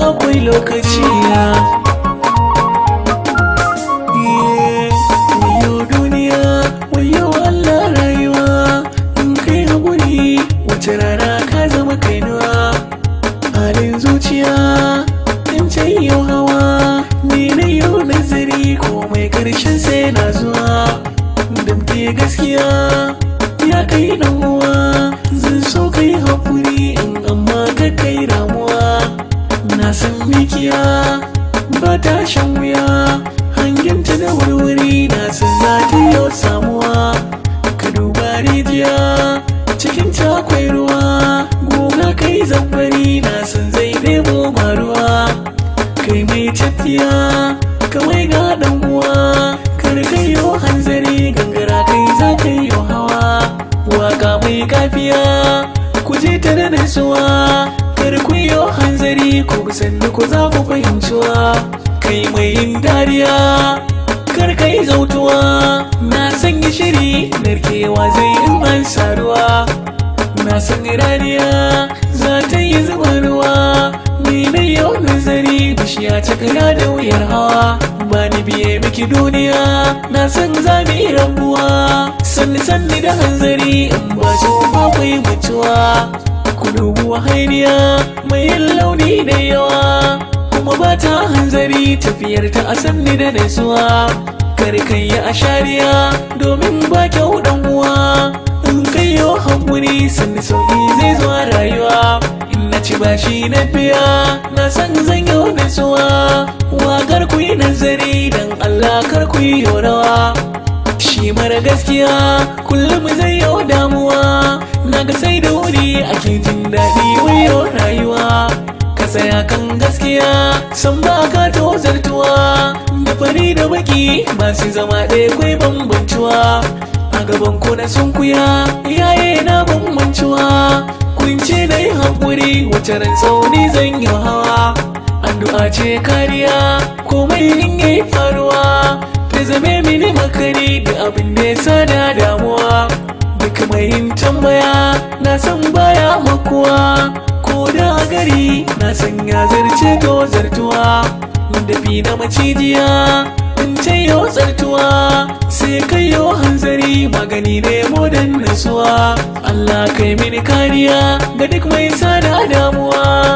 akwai lokaci ya wace rana ka zama kainuwa halin zuciya in can yau hawa ni na yau nazari komai karshen sai na zuwa damke gaskiya ya kai dan uwa zan so kai hakuri in amma ka kai ramu san mikiya ba ta shan wuya hanginta da warware na san za ta yau samuwa ka duba rijiya cikin ta akwai ruwa gona kai zambari na san zai nemo maruwa ruwa kai mai tafiya kawai ga dan uwa kar kai yau hanzari gangara kai za ka yi hawa waka mai kafiya ku je ta da nasuwa gari ku sannu ko za ku fahimciwa kai mai yin dariya kar ka yi zautuwa na sanya shiri narkewa zai yi an saruwa na san dariya za ta yi zuba ruwa ni mai yau nazari bishiya ta kara da wuyar hawa ba ni biye miki duniya na san za mu yi rabuwa sanni sanni da hanzari in ba ba kwai mutuwa doguwa hainiya mai launi da yawa kuma ba ta hanzari tafiyar ta a sanni da nasuwa kar kai ya ashariya domin ba kyau dan uwa in kai yo hankuri sanni sauki zai zuwa rayuwa in na ci bashi na biya na san zan yi nasuwa kar ku yi nazari dan Allah kar ku yi yorawa shi mara gaskiya kullum zai yau damuwa na ga sai da wuri a ake biyo rayuwa ka tsaya kan gaskiya san ba ka zartuwa da fari da baki Ba masu zama ɗaya kwai bambancuwa a gaban na sun kuya iyaye na bambancuwa kunce na yi haƙuri wace ran tsauni zan yi hawa addu'a ce kariya komai in yi faruwa ta zame mini makari da abin da ya sa na damuwa duk mai yin tambaya na san baya makuwa gari na sanya zarce ko zartuwa dafi na macijiya in ce yo zartuwa sai kai yo hanzari magani ne dan nasuwa Allah kai mini kariya ga duk mai sada damuwa